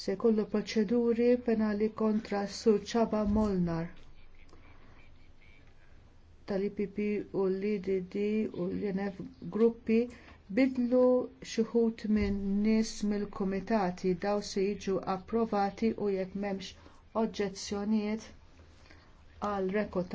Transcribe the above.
se jkollu proċeduri penali kontra Sur Ċaba Molnar tal-IPP u l-IDD u l-INF gruppi bidlu xi wħud minn nies mill-kumitati daw se jiġu approvati u jekk m'hemmx oġġezzjonijiet għal rekord